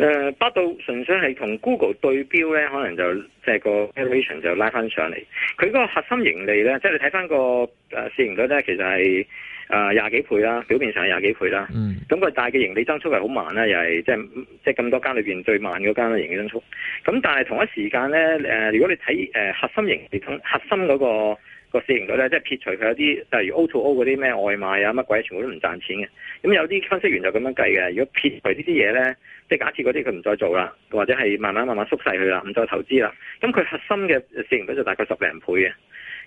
誒，百度純粹係同 Google 對標咧，可能就即係、就是、個 valuation 就拉翻上嚟。佢嗰個核心盈利咧，即係你睇翻個誒市盈率咧，其實係誒廿幾倍啦，表面上係廿幾倍啦。嗯。咁佢大嘅盈利增速係好慢啦，又係即係即係咁多間裏邊最慢嗰間嘅盈利增速。咁但係同一時間咧，誒、呃、如果你睇誒、呃、核心盈利同核心嗰、那個。個市盈率咧，即係撇除佢有啲，例如 O to O 嗰啲咩外賣啊，乜鬼全部都唔賺錢嘅。咁有啲分析員就咁樣計嘅。如果撇除呢啲嘢咧，即係假設嗰啲佢唔再做啦，或者係慢慢慢慢縮細佢啦，唔再投資啦，咁佢核心嘅市盈率就大概十零倍嘅。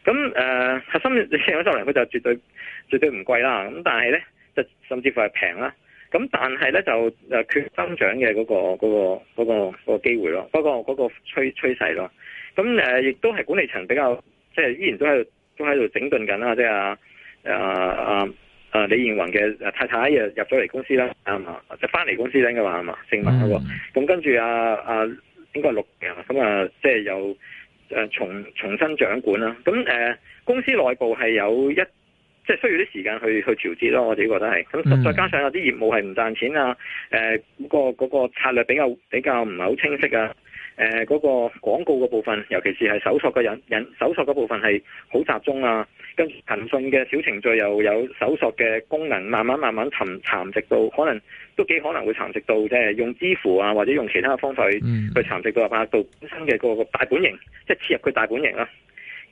咁誒、呃，核心嘅市盈率十零倍就絕對絕對唔貴啦。咁但係咧，就甚至乎係平啦。咁但係咧就誒缺增長嘅嗰、嗰個嗰、嗰個嗰、嗰個嗰、嗰個機會咯，不過、嗰個趨趨勢咯。咁、那、誒、個，亦、呃、都係管理層比較。即係依然都喺度，都喺度整頓緊啦。即係啊啊啊啊李彥宏嘅太太又入咗嚟公司啦，啱唔啱？即係翻嚟公司咧嘅話，係嘛姓文。咁跟住啊啊，應該六嘅啦。咁啊，即係又誒重重新掌管啦。咁誒、呃、公司內部係有一即係需要啲時間去去調節咯。我自己覺得係咁，再加上有啲業務係唔賺錢啊。誒、呃、嗰、嗰個、嗰個策略比較比較唔係好清晰啊。誒、呃，嗰、那個廣告嘅部分，尤其是係搜索嘅人人搜索嗰部分係好集中啊，跟住騰訊嘅小程序又有搜索嘅功能，慢慢慢慢沉蠶食到，可能都幾可能會蠶食到，即係用支付啊或者用其他嘅方法去去蠶食到入下到本身嘅個大本營，即係切入佢大本營啦。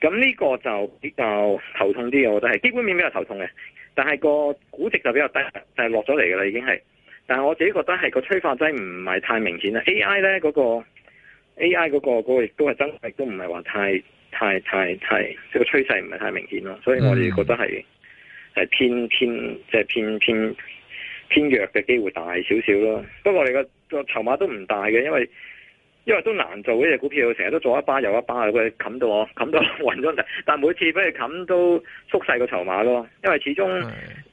咁呢個就比較頭痛啲嘅，我覺得係基本面比較頭痛嘅，但係個估值，就比較低，就係落咗嚟㗎喇，已經係。但係我自己覺得係個催化劑唔係太明顯啦，A I 咧嗰個。A I 嗰個嗰個亦都係增值，都唔係話太太太太，即係個趨勢唔係太明顯咯。所以我哋覺得係係偏偏即係偏偏偏弱嘅機會大少少咯。不過我哋個個籌碼都唔大嘅，因為因為都難做呢隻股票，成日都做一巴又一巴佢冚到我，冚到暈咗，但係每次俾佢冚都縮細個籌碼咯，因為始終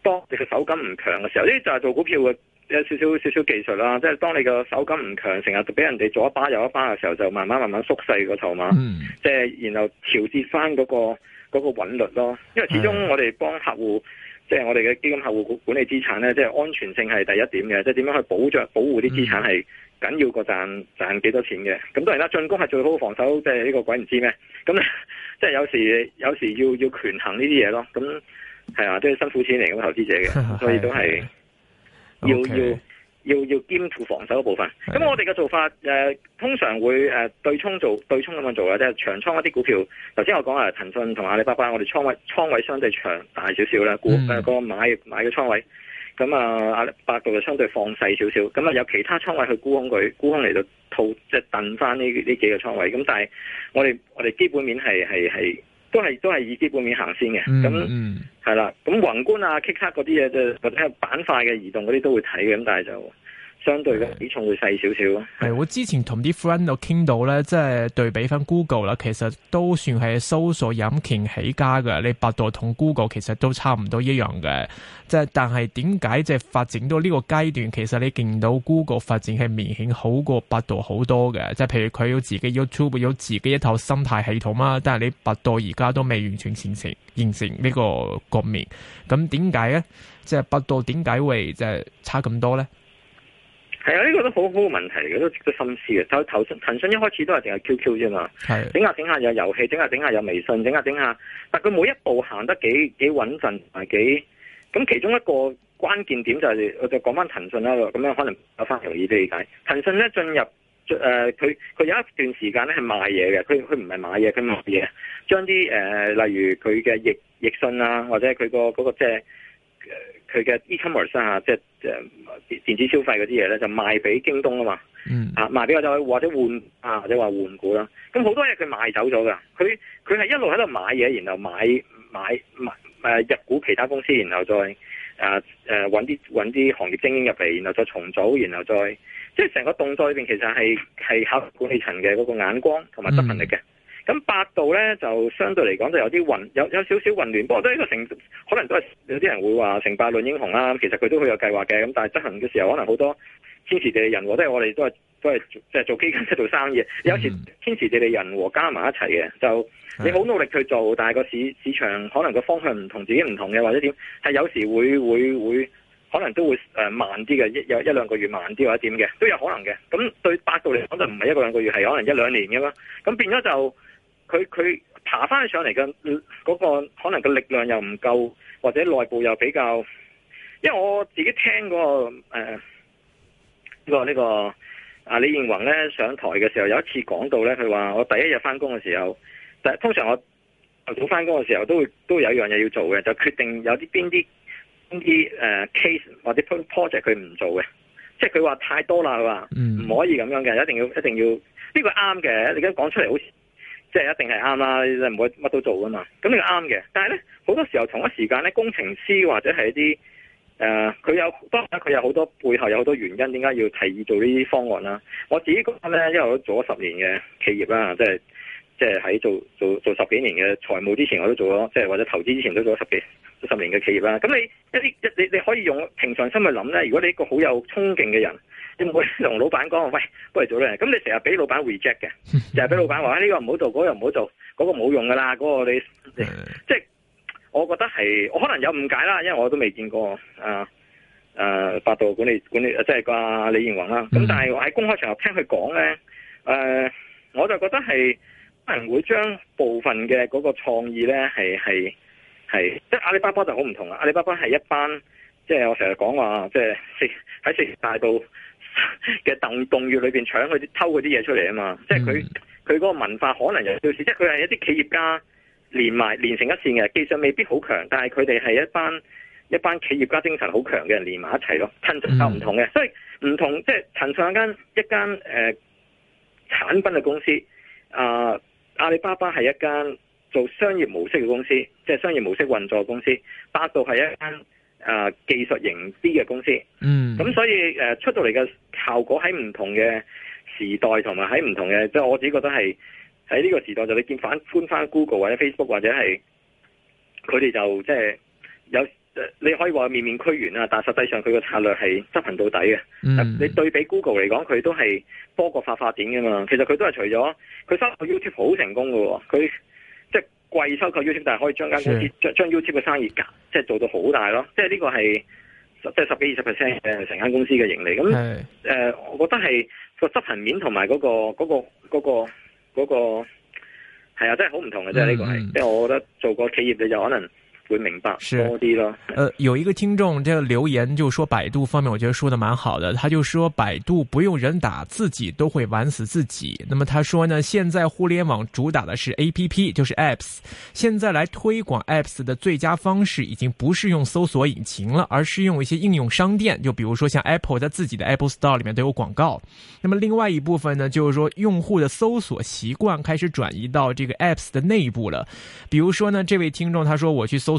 當你嘅手感唔強嘅時候，呢就係做股票嘅。有少少少少技術啦，即係當你個手感唔強，成日俾人哋左一巴右一巴嘅時候，就慢慢慢慢縮細個籌碼，即、嗯、係、就是、然後調節翻嗰個嗰、那個韻律咯。因為始終我哋幫客戶，即、就、係、是、我哋嘅基金客戶管理資產呢，即係安全性係第一點嘅，即係點樣去保障保護啲資產係緊要過賺賺幾多錢嘅。咁當然啦，進攻係最好嘅防守，即係呢個鬼唔知咩？咁即係有時有時要要權衡呢啲嘢咯。咁係啊，都係辛苦錢嚟嘅投資者嘅，所以都係。呵呵 Okay. 要要要要兼顧防守嘅部分，咁我哋嘅做法，誒、呃、通常會誒、呃、對沖做對沖咁樣做啦，即係長倉一啲股票。頭先我講啊，騰訊同阿里巴巴，我哋倉位倉位相對長大少少啦，股，嗯、誒、啊那個買買嘅倉位。咁、嗯、啊，阿百度就相對放細少少，咁啊有其他倉位去沽空佢，沽空嚟到套即係掟翻呢呢幾個倉位。咁但係我哋我哋基本面係係係都係都係以基本面行先嘅，咁。係啦，咁宏觀啊、K K 嗰啲嘢，即係或者係板塊嘅移動嗰啲都會睇嘅，咁但係就。相對嘅比重會細少少啊。係我之前同啲 friend 有傾到咧，即係對比翻 Google 啦，其實都算係搜索引擎起家嘅。你百度同 Google 其實都差唔多一樣嘅。即係但係點解即係發展到呢個階段，其實你見到 Google 發展係明顯好過百度好多嘅。即係譬如佢有自己 YouTube 有自己一套生態系統啊。但係你百度而家都未完全形成形成呢個局面。咁點解咧？即係百度點解會即係差咁多咧？係啊，呢、呢個都好好嘅問題嚟嘅，都都深思嘅。但係騰訊，騰訊一開始都係淨係 QQ 啫嘛，整下整下有遊戲，整下整下有微信，整下整下，但係佢每一步行得幾幾穩陣係幾咁，咁其中一個關鍵點就係、是，我就講翻騰訊啦，咁樣可能有翻條嘢俾你解。騰訊咧進入誒，佢、呃、佢有一段時間咧係賣嘢嘅，佢佢唔係買嘢，佢賣嘢，將啲誒例如佢嘅易易訊啊，或者佢、嗰個嗰、這個即係。佢嘅 e-commerce 啊,即係即電子消費嗰啲嘢咧,就賣俾京東啊嘛,嗯啊賣俾我再或者換啊,或者話換股啦。咁好多嘢佢賣走咗噶,佢佢係一路喺度買嘢,然後買買買誒啊入股其他公司,然後再誒誒搵啲搵啲行業精英入嚟,然後再重組,然後再,然後再即係成個動作裏邊,其實係係考管理層嘅嗰個眼光同埋執行力嘅。嗯咁百度咧就相對嚟講就有啲混，有有少少混亂。不過都呢個成，可能都係有啲人會話成敗論英雄啦。其實佢都會有計劃嘅，咁但係執行嘅時候可能好多天時地利人和，即係我哋都係都係即係做基金即係做生意。有時天時地利人和加埋一齊嘅，就你好努力去做，但係個市市場可能個方向唔同自己唔同嘅，或者點係有時會會會可能都會誒慢啲嘅，一有一兩個月慢啲或者點嘅都有可能嘅。咁對百度嚟講就唔係一個兩個月，係可能一兩年噶啦。咁變咗就。佢佢爬翻上嚟嘅嗰個可能個力量又唔夠，或者內部又比較，因為我自己聽嗰個、呃呢個呢個呢個啊李彥宏咧上台嘅時候，有一次講到咧，佢話我第一日翻工嘅時候，但係通常我早翻工嘅時候都會都有一樣嘢要做嘅，就決定有啲邊啲邊啲 case 或者 project 佢唔做嘅，即係佢話太多啦，佢話唔可以咁樣嘅，一定要一定要呢、呢個啱嘅，你而家講出嚟好似～即係一定係啱啦，唔會乜都做噶嘛。咁你啱嘅，但係咧好多時候同一時間咧，工程師或者係一啲誒，佢、呃、有當然佢有好多背後有好多原因，點解要提議做呢啲方案啦？我自己覺得咧，因為我都做咗十年嘅企業啦，即係即係喺做做做十幾年嘅財務之前，我都做咗即係或者投資之前都做咗十幾、十年嘅企業啦。咁你一啲一你你可以用平常心去諗咧，如果你一個好有衝勁嘅人。會 同老闆講？喂，過嚟做咧？咁你成日俾老闆 reject 嘅，成日俾老闆話：呢、哎這個唔好做，嗰、那個唔好做，嗰、那個冇用噶啦，嗰、那個你即係， 我覺得係我可能有誤解啦，因為我都未見過誒誒，百、啊、度、啊、管理管理即係個李彥宏啦。咁、嗯、但係我喺公開場合聽佢講咧，誒、呃，我就覺得係可能會將部分嘅嗰個創意咧，係係係，即係、就是、阿里巴巴就好唔同啦。阿里巴巴係一班。即係我成日講話，即係喺食大道嘅鄧洞穴裏邊搶佢啲偷佢啲嘢出嚟啊嘛！嗯、即係佢佢嗰個文化可能有少少，即係佢係一啲企業家連埋連成一線嘅技術未必好強，但係佢哋係一班一班企業家精神好強嘅人連埋一齊咯。騰訊又唔同嘅、嗯，所以唔同即係騰訊係一間誒、呃、產品嘅公司，啊、呃、阿里巴巴係一間做商業模式嘅公司，即係商業模式運作嘅公司，百度係一間。啊、呃，技術型啲嘅公司，嗯，咁所以誒、呃、出到嚟嘅效果喺唔同嘅時代，同埋喺唔同嘅，即、就、係、是、我自己覺得係喺呢個時代就你見反觀翻 Google 或者 Facebook 或者係佢哋就即係、就是、有，你可以話面面俱圓啊。但實際上佢嘅策略係執行到底嘅、嗯。你對比 Google 嚟講，佢都係多個發發展㗎嘛，其實佢都係除咗佢收到 YouTube 好成功㗎喎，佢。貴收購 YouTube，但係可以將間公司將將 YouTube 嘅生意夾，即係做到好大咯。即係呢個係即係十幾二十 percent 嘅成間公司嘅盈利。咁誒、呃，我覺得係個執行面同埋嗰個嗰、嗰個嗰、嗰個嗰、嗰個係啊，真係好唔同嘅。即係呢個係，即係我覺得做個企業你就可能。會明白是，呃，有一個聽眾，這個留言就說百度方面，我覺得說的蠻好的。他就說百度不用人打，自己都會玩死自己。那麼他說呢，現在互聯網主打的是 APP，就是 Apps。現在來推廣 Apps 的最佳方式，已經不是用搜索引擎了，而是用一些應用商店。就比如說像 Apple，它自己的 Apple Store 裡面都有廣告。那麼另外一部分呢，就是說用戶的搜索習慣開始轉移到這個 Apps 的內部了。比如說呢，這位聽眾他說我去搜。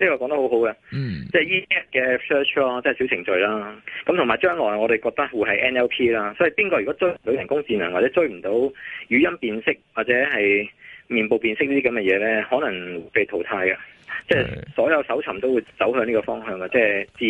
呢、這個講得好好嘅、嗯，即係 E a p 嘅 search 咯，即係小程序啦。咁同埋將來我哋覺得會係 NLP 啦，所以邊個如果追人工智能或者追唔到語音辨識或者係面部辨識這些東西呢啲咁嘅嘢咧，可能會被淘汰嘅。即係所有搜尋都會走向呢個方向嘅，即係自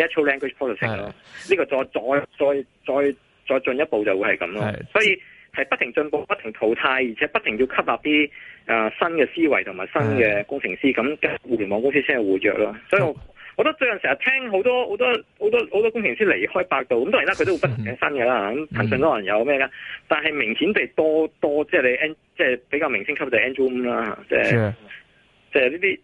然 natural language processing 咯、啊。呢、這個再再再再再進一步就會係咁咯。所以係不停進步，不停淘汰，而且不停要吸納啲啊新嘅思維同埋新嘅工程師，咁、mm. 互聯網公司先係活躍咯。Mm. 所以我覺得最近成日聽好多好多好多好多工程師離開百度，咁當然啦，佢都會不停嘅新嘅啦。咁騰訊都可能有咩㗎？但係明顯地多多，多，即係你 n 即係比較明星級嘅 Andrew o 啦，即係、yeah. 即係呢啲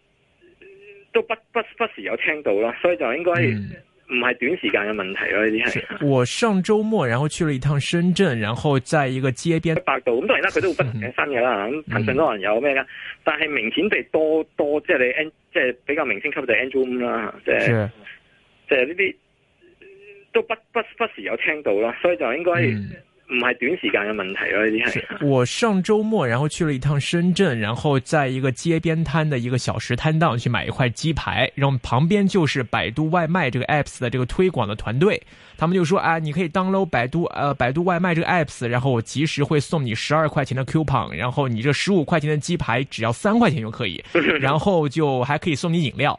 都不不不時有聽到啦，所以就應該。Mm. 唔係短時間嘅問題咯、啊，呢啲係。我上周末然後去了一趟深圳，然後在一個街邊。百度咁當然啦，佢都會不停新嘅啦，咁騰訊都可能有咩咧？但係明顯地多多，即係你安，即係比較明星級就 Android 啦，即係即係呢啲都不不不時有聽到啦，所以就應該。嗯唔係短時間嘅問題咯，已經係。我上周末然後去了一趟深圳，然後在一個街邊攤的一個小食攤檔去買一塊雞排，然後旁邊就是百度外賣這個 apps 的這個推廣的團隊，他們就說：啊，你可以 download 百度，呃，百度外賣這個 apps，然後我即時會送你十二塊錢的 coupon，然後你這十五塊錢的雞排只要三塊錢就可以，然後就還可以送你飲料。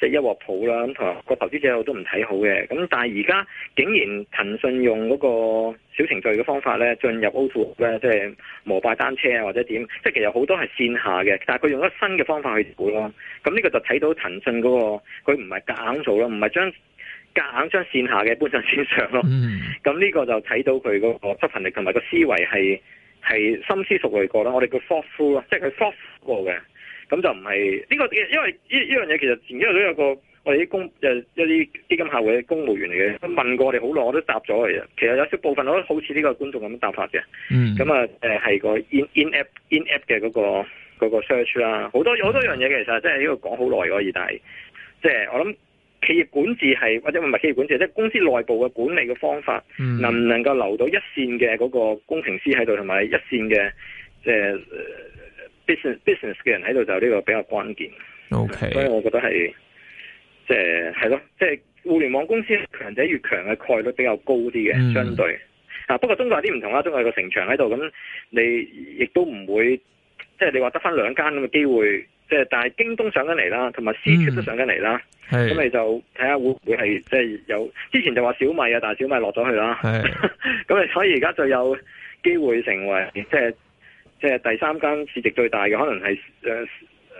即係一鍋鋪啦，咁同埋個投資者我都唔睇好嘅。咁但係而家竟然騰訊用嗰個小程序嘅方法咧，進入 O2O 咧，即係摩拜單車啊或者點，即係其實好多係線下嘅，但係佢用咗新嘅方法去做咯。咁呢個就睇到騰訊嗰個佢唔係夾硬做咯，唔係將夾硬將線下嘅搬上線上咯。咁呢個就睇到佢嗰個執行力同埋個思維係係深思熟慮過啦。我哋叫 thoughtful 啊，即係佢 thought 過嘅。咁就唔係呢個，因為呢呢樣嘢其實前幾日都有個我哋啲公，誒一啲基金客會嘅公務員嚟嘅，問過我哋好耐，我都答咗嘅。其實有少部分我都好似呢個觀眾咁樣答法嘅。嗯。咁、呃、啊，係個 in in app in app 嘅嗰、嗰個 search 啦，好多好多樣嘢其實即係呢個講好耐嘅而家，即係我諗企業管治係或者唔係企業管治，即係公司內部嘅管理嘅方法，嗯、能唔能夠留到一線嘅嗰個工程師喺度，同埋一線嘅即係 business 嘅人喺度就呢個比較關鍵，okay. 所以我覺得係即係係咯，即、就、係、是就是、互聯網公司強者越強嘅概率比較高啲嘅相對。啊、嗯，不過中國有啲唔同啦，中國有個城牆喺度，咁你亦都唔會即係你話得翻兩間咁嘅機會，即、就、係、是就是、但係京東上緊嚟啦，同埋思春都上緊嚟啦，咁、嗯、你就睇下會唔會係即係有之前就話小米啊，但係小米落咗去啦，咁、嗯、你 所以而家就有機會成為即係。就是即係第三間市值最大嘅，可能係誒。呃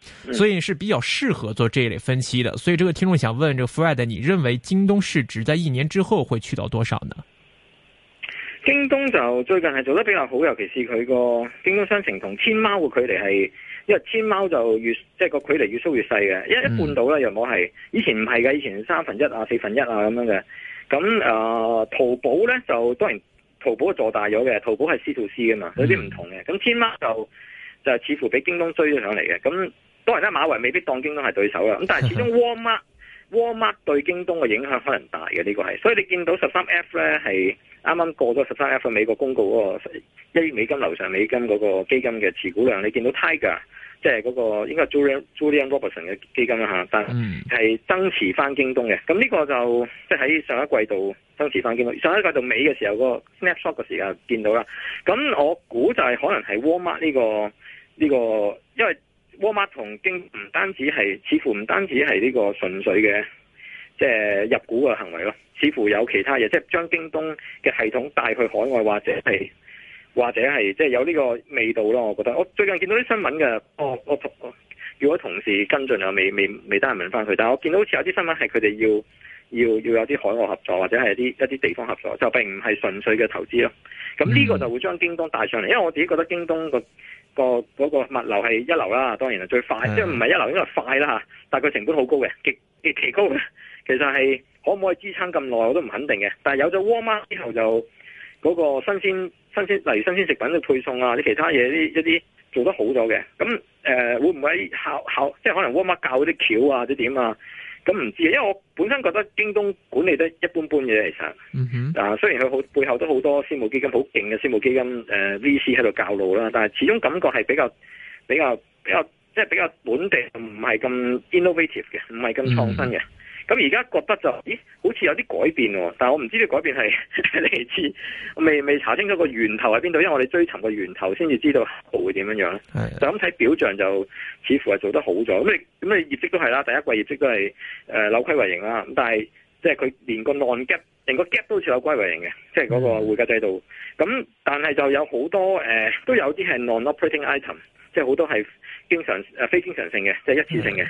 所以是比較適合做這一類分期的，所以這個聽眾想問，這個 Fred，你認為京東市值在一年之後會去到多少呢？京東就最近係做得比較好，尤其是佢個京東商城同天貓嘅距離係，因為天貓就越即係個距離越縮越細嘅、嗯，一一半到啦，又冇係以前唔係嘅，以前三分一啊四分一啊咁樣嘅，咁誒、呃、淘寶呢就當然淘寶做大咗嘅，淘寶係 C to C 噶嘛，有啲唔同嘅，咁、嗯、天貓就就似乎俾京東追咗上嚟嘅，咁。當然，咧，馬雲未必當京東係對手啦。咁但係始終 Walmart，Walmart 對京東嘅影響可能大嘅，呢、呢個係。所以你見到十三 F 咧係啱啱過咗十三 F 個美國公告嗰個一億美金樓上美金嗰個基金嘅持股量，你見到 Tiger，即係嗰個應該係 Julian，Julian Robertson 嘅基金啊嚇，但係增持翻京東嘅。咁呢個就即係喺上一季度增持翻京東。上一季度尾嘅時候、嗰個 snapshot 嘅時間見到啦。咁我估就係可能係 Walmart 呢、呢個呢、呢個，因為沃馬同京唔單止係，似乎唔單止係呢個純粹嘅即係入股嘅行為咯，似乎有其他嘢，即係將京東嘅系統帶去海外或者係或者係即係有呢個味道咯。我覺得我最近見到啲新聞嘅、哦，我我同如果同事跟進又未未未得閒問翻佢，但係我見到好似有啲新聞係佢哋要要要有啲海外合作或者係一啲一啲地方合作，就並唔係純粹嘅投資咯。咁呢個就會將京東帶上嚟，因為我自己覺得京東、嗰個、嗰個嗰物流係一流啦，當然係最快係，即係唔係一流，因為快啦，但係佢成本好高嘅，極極極高嘅。其實係可唔可以支撐咁耐，我都唔肯定嘅。但有咗沃馬之後就，就、嗰、嗰個新鮮新鮮，例如新鮮食品嘅配送啊，啲其他嘢啲一啲做得好咗嘅。咁誒、呃、會唔會考考，即係可能沃馬教嗰啲橋啊啲點啊？咁唔知啊，因為我本身覺得京東管理得一般般嘅，其實，Mm-hmm. 啊，雖然佢好背後都好多私募基金，好勁嘅私募基金誒 V C 喺度教路啦，但係始終感覺係比較比較比較即係比較本地，唔係咁 innovative 嘅，唔係咁創新嘅。Mm -hmm. 咁而家覺得就咦，好似有啲改變喎、哦，但我唔知啲改變係嚟自未未查清楚個源頭係邊度，因為我哋追尋個源頭先至知道後會點樣樣。就咁睇表象就似乎係做得好咗，咁你咁你業績都係啦，第一季業績都係扭虧為盈啦。咁但係即係佢連個 non gap 連個 gap 都好似扭虧為盈嘅，即係嗰個會計制度。咁但係就有好多誒、呃，都有啲係 non operating item，即係好多係經常、呃、非經常性嘅，即係一次性嘅。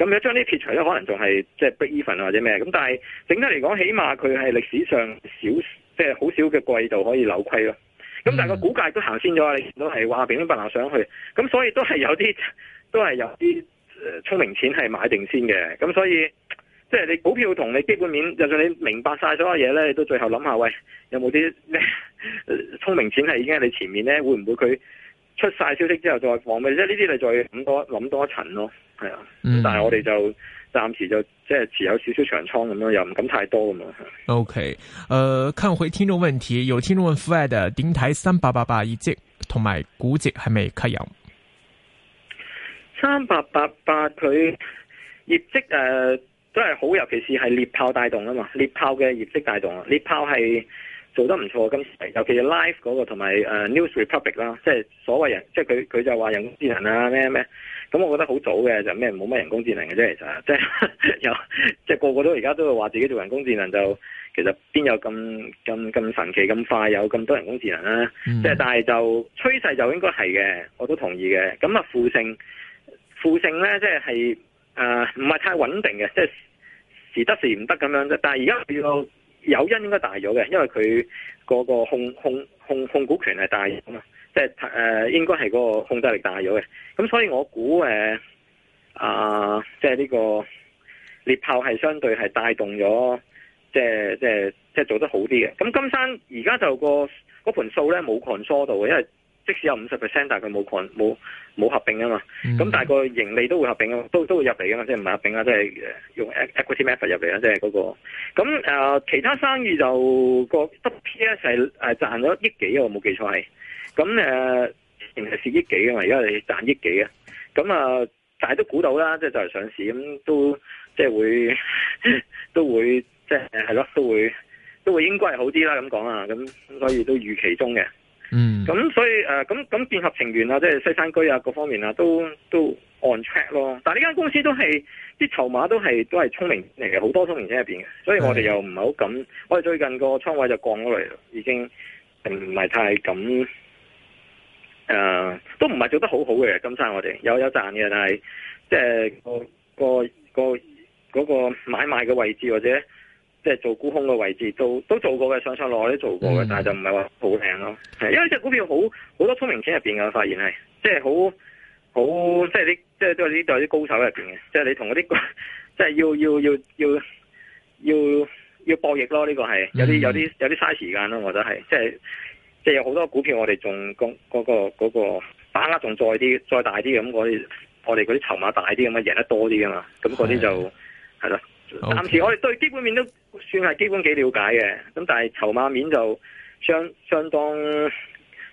咁樣將啲撇除咧，可能仲係即係 break even 或者咩咁，但係整體嚟講，起碼佢係歷史上少，即係好少嘅季度可以扭虧咯。咁但係個股價都行先咗啊！你都係話平添百萬上去，咁所以都係有啲，都係有啲聰明錢係買定先嘅。咁所以即係、就是、你股票同你基本面，就算你明白曬所有嘢咧，你都最後諗下，喂，有冇啲聰明錢係已經喺你前面咧？會唔會佢？出晒消息之後再講咪即係呢啲你再諗多諗多一層咯，係啊。咁、嗯、但係我哋就暫時就即係持有少少長倉咁咯，又唔敢太多咁嘛。OK，誒、呃，看回聽眾問題，有聽眾問：Fred，點睇三八八八業績同埋估值係咪吸引？三八八八佢業績誒都係好，尤其是係獵豹帶動啊嘛，獵豹嘅業績帶動啊，獵豹係。做得唔錯，今尤其是 live 嗰、那個同埋、uh, News Republic 啦，即係所謂人，即係佢佢就話人工智能啊咩咩，咁我覺得好早嘅就咩冇乜人工智能嘅啫，其實即係 有即係個個都而家都會話自己做人工智能，就其實邊有咁咁咁神奇咁快有咁多人工智能啦、啊嗯，即係但係就趨勢就應該係嘅，我都同意嘅。咁啊負性負性咧，即係係誒唔係太穩定嘅，即係時得時唔得咁樣啫。但係而家遇到。有因應該大咗嘅，因為佢嗰個控控控控股權係大啊嘛，即係誒、呃、應該係嗰個控制力大咗嘅，咁所以我估誒啊，即係、這、呢個獵豹係相對係帶動咗，即係即係即係做得好啲嘅。咁金山而家就、那個嗰盤數咧冇 consolidate 到嘅，因為。即使有五十 percent，但係佢冇冇冇合併啊嘛，咁但係個盈利都會合併，都都會入嚟噶嘛，即係唔係合併啊，即係用 equity method 入嚟啊，即係嗰、那個。咁誒、呃，其他生意就個 EPS 係誒賺咗億幾啊，我冇記錯係。咁誒，平時係蝕億幾啊嘛，而家係賺億幾啊。咁啊、呃，但係都估到啦，即係就嚟上市咁都即係會 都會即係誒係咯，都會都會應該係好啲啦。咁講啊，咁所以都預期中嘅。嗯，咁所以誒，咁咁劍俠情緣啊，即係西山居啊，各方面啊，都都 on track 咯。但係呢間公司都係啲籌碼都係都係聰明嚟嘅，好多聰明仔入邊嘅，所以我哋又唔係好敢。我哋最近個倉位就降咗嚟啦，已經並唔係太敢誒、呃，都唔係做得好好嘅，金山我哋有有賺嘅，但係即係、嗰個、嗰個個、嗰個買賣嘅位置或者。即係做沽空嘅位置，都都做過嘅，上上落都做過嘅，但係就唔係話好靚咯。係因為呢隻股票好好多聰明錢入邊嘅，我發現係即係好好即係啲即係都有啲高手入邊嘅，即係你同嗰啲即係要要要要要要博弈咯。呢個係有啲有啲有啲嘥時間咯，我覺得係即係即係有好多股票我哋仲嗰嗰個把握仲再啲再大啲嘅，咁、嗰個、我我哋嗰啲籌碼大啲咁樣贏得多啲㗎嘛。咁嗰啲就係咯。是的是的。暫、okay. 時我哋對基本面都算係基本幾了解嘅，咁但係籌碼面就相相當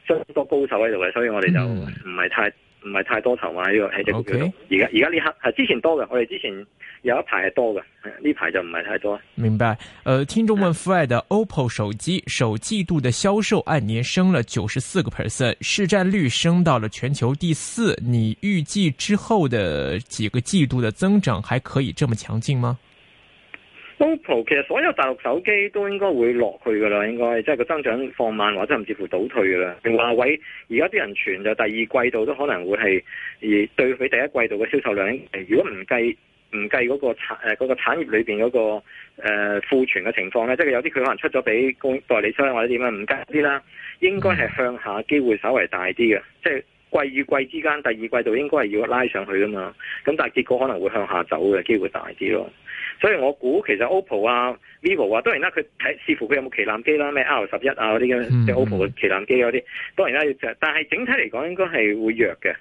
相當高手喺度嘅，所以我哋就唔係太唔係、mm. 太多籌碼呢個係隻股票。而家而家呢刻係之前多嘅，我哋之前有一排係多嘅，呢排就唔係太多。明白。誒、呃，聽眾問，Fred 的 OPPO 手機首季度嘅銷售按年升了九十四個 percent，市占率升到了全球第四。你預計之後的幾個季度的增長還可以這麼強勁嗎？OPPO 其實所有大陸手機都應該會落去噶啦，應該即係個增長放慢或者甚至乎倒退噶啦。華為而家啲人傳就第二季度都可能會係而對佢第一季度嘅銷售量，如果唔計唔計嗰個產誒嗰、嗰個產業裏邊嗰個、呃、庫存嘅情況咧，即係有啲佢可能出咗俾供代理商或者點樣，唔加啲啦，應該係向下機會稍為大啲嘅，即係。季與季之間，第二季度應該係要拉上去噶嘛，咁但係結果可能會向下走嘅機會大啲咯。所以我估其實 OPPO 啊、VIVO 啊，當然啦，佢睇視乎佢有冇旗艦機啦，咩 R 十一啊嗰啲嘅，即、嗯、係 OPPO 嘅旗艦機嗰啲，當然啦，但係整體嚟講應該係會弱嘅。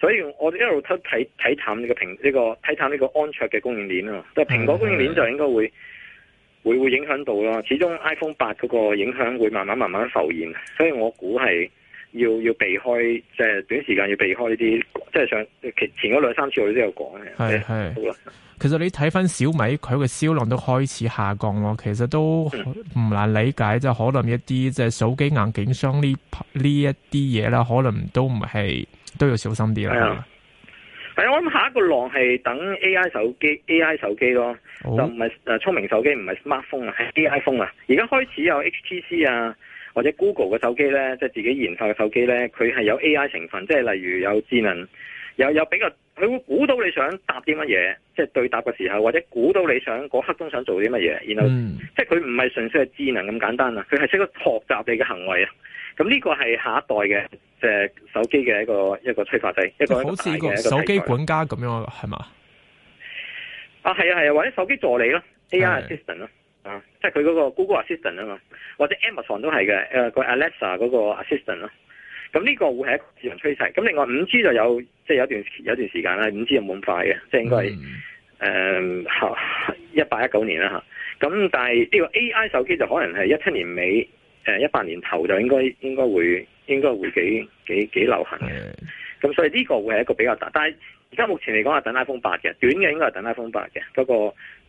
所以我一路都睇睇淡呢、呢個蘋呢個睇淡呢個安卓嘅供應鏈啊，即係蘋果供應鏈就應該會會會影響到啦。始終 iPhone 八嗰個影響會慢慢慢慢浮現，所以我估係。要要避開，即係短時間要避開呢啲，即係上前嗰兩三次我哋都有講嘅。係，係好啦。其實你睇返小米，佢嘅銷量都開始下降咯。其實都唔難理解，即、嗯、係可能一啲即係手機硬件商呢呢一啲嘢啦，可能都唔係都要小心啲啦。係啊，啊，我諗下一個浪係等 A I 手機 A I 手機咯，哦、就唔係誒聰明手機，唔係 smart phone 啊，係 A I phone 啊。而家開始有 H T C 啊。或者 Google 嘅手機咧，即係自己研發嘅手機咧，佢係有 AI 成分，即係例如有智能，又有比較，佢會估到你想答啲乜嘢，即係對答嘅時候，或者估到你想嗰刻都想做啲乜嘢，然後，嗯，即係佢唔係純粹係智能咁簡單啊，佢係識得學習你嘅行為啊。咁呢個係下一代嘅即係手機嘅一個一個催化劑，一個，一個，一個好似手機管家咁樣，係嘛？啊，係啊係啊，或者手機助理咯，AI assistant 咯。啊，即係佢嗰個 Google Assistant 啊嘛，或者 Amazon 都係嘅，誒、呃、個 Alexa 嗰個 Assistant 咯，咁呢個會係一個自然趨勢。咁另外五 G 就有，即係有段有段時間啦，五 G 又冇咁快嘅，即係應該係誒吓一八一九年啦吓。咁但係呢個 AI 手機就可能係一七年尾誒一八年頭就應該應該會應該會幾幾幾流行嘅。咁所以呢個會係一個比較大，但係。而家目前嚟講係等 iPhone 八嘅，短嘅應該係等 iPhone 八嘅嗰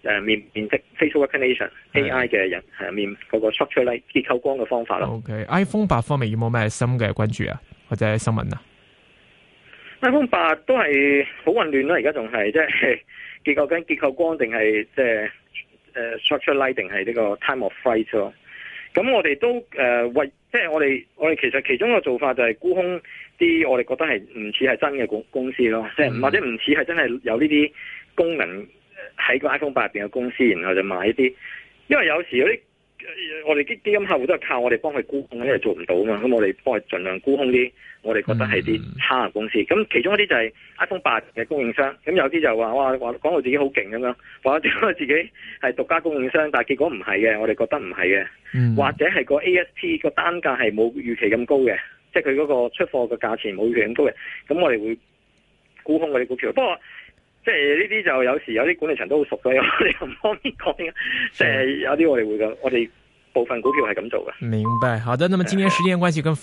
個面面積 face recognition AI 嘅人誒面嗰、那個 structure light 結構光嘅方法咯。OK，iPhone、okay. 八方面有冇咩新嘅關注啊？或者是新聞啊？iPhone 八都係好混亂啦、啊，而家仲係即係結構跟結構光定係即係誒、uh, structure light 定係呢個 time of flight 咯。咁我哋都誒為、呃、即係我哋我哋其實其中一個做法就係沽空啲。覺得係唔似係真嘅公公司咯，即、嗯、係或者唔似係真係有呢啲功能喺個 iPhone 八入邊嘅公司，然後就買啲，因為有時嗰啲我哋啲基金客戶都係靠我哋幫佢沽空，因、嗯、為做唔到嘛，咁我哋幫佢盡量沽空啲，我哋覺得係啲差嘅公司。咁、嗯、其中一啲就係 iPhone 八嘅供應商，咁有啲就話哇話講到自己好勁咁樣，話自己係獨家供應商，但係結果唔係嘅，我哋覺得唔係嘅，或者係個 ASP 個單價係冇預期咁高嘅。即係佢嗰個出貨嘅價錢冇咁高嘅，咁我哋會沽空我哋股票。不過，即係呢啲就有時有啲管理層都好熟嘅，唔方便講啊！即係、嗯、有啲我哋會咁，我哋部分股票係咁做嘅。明白，好的。那麼今天時間關係跟